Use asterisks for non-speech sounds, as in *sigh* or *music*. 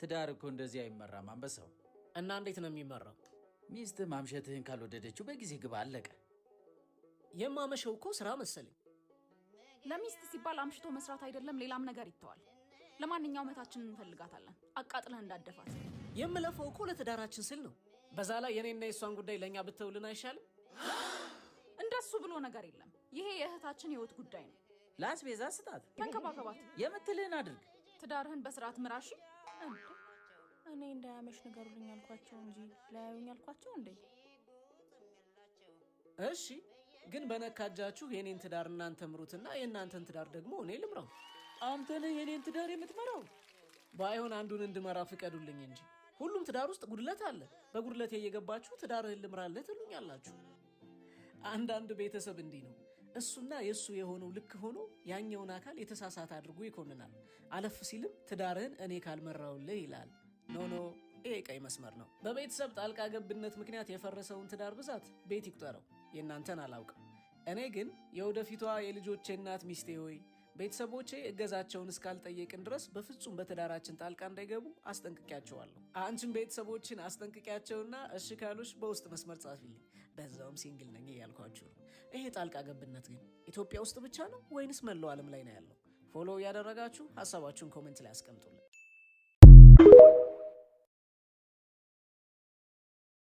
ትዳር እኮ እንደዚህ አይመራም አንበሳው። እና እንዴት ነው የሚመራው? ሚስት ማምሸትህን ካልወደደችው በጊዜ ግባ፣ አለቀ። የማመሸው እኮ ስራ መሰለኝ። ለሚስት ሲባል አምሽቶ መስራት አይደለም ሌላም ነገር ይተዋል። ለማንኛውም እህታችንን እንፈልጋታለን። አቃጥለህ እንዳደፋት። የምለፈው እኮ ለትዳራችን ስል ነው። በዛ ላይ የኔና የእሷን ጉዳይ ለእኛ ብትውልን አይሻልም? *gasps* እንደሱ ብሎ ነገር የለም። ይሄ የእህታችን ህይወት ጉዳይ ነው። ለአስቤዛ ስጣት፣ ተንከባከባት፣ የምትልህን አድርግ። ትዳርህን በስርዓት ምራሽ። እኔ እንዳያመሽ ንገሩልኝ አልኳቸው እንጂ ለያዩኝ አልኳቸው እንዴ። እሺ ግን በነካ የኔን ትዳር እናንተ ምሩትና የእናንተን ትዳር ደግሞ እኔ ልምራው። አንተ ነህ ትዳር የምትመራው። ባይሆን አንዱን እንድመራ ፍቀዱልኝ እንጂ ሁሉም ትዳር ውስጥ ጉድለት አለ። በጉድለቴ እየገባችሁ ትዳርህን ልምራልህ ትሉኛላችሁ። አንዳንድ ቤተሰብ እንዲህ ነው። እሱና የእሱ የሆነው ልክ ሆኖ ያኛውን አካል የተሳሳተ አድርጎ ይኮንናል። አለፍ ሲልም ትዳርህን እኔ ካልመራውልህ ይላል። ኖኖ ይሄ ቀይ መስመር ነው። በቤተሰብ ጣልቃ ገብነት ምክንያት የፈረሰውን ትዳር ብዛት ቤት ይቁጠረው። የእናንተን አላውቅም። እኔ ግን የወደፊቷ የልጆቼ እናት ሚስቴ ሆይ ቤተሰቦቼ እገዛቸውን እስካልጠየቅን ድረስ በፍጹም በትዳራችን ጣልቃ እንዳይገቡ አስጠንቅቂያቸዋለሁ። አንቺን ቤተሰቦችን አስጠንቅቂያቸውና እሺ ካሉሽ በውስጥ መስመር ጻፊልኝ። በዛውም ሲንግል ነኝ እያልኳችሁ ነው። ይሄ ጣልቃ ገብነት ግን ኢትዮጵያ ውስጥ ብቻ ነው ወይንስ መላው ዓለም ላይ ነው ያለው? ፎሎ እያደረጋችሁ ሀሳባችሁን ኮሜንት ላይ አስቀምጡልን።